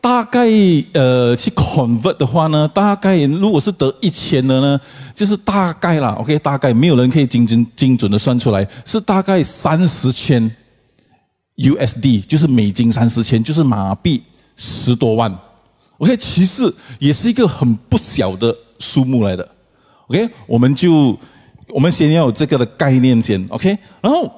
大概，呃，去 convert 的話呢，大概如果是得一千的呢，就是大概啦，OK，大概，沒有人可以精準精準的算出來，是大概三十千 USD，就是美金三十千，就是馬幣十多萬。OK，其實也是一個很不小的數目來的，OK，我們就，我們先要有這個的概念先，OK，然後。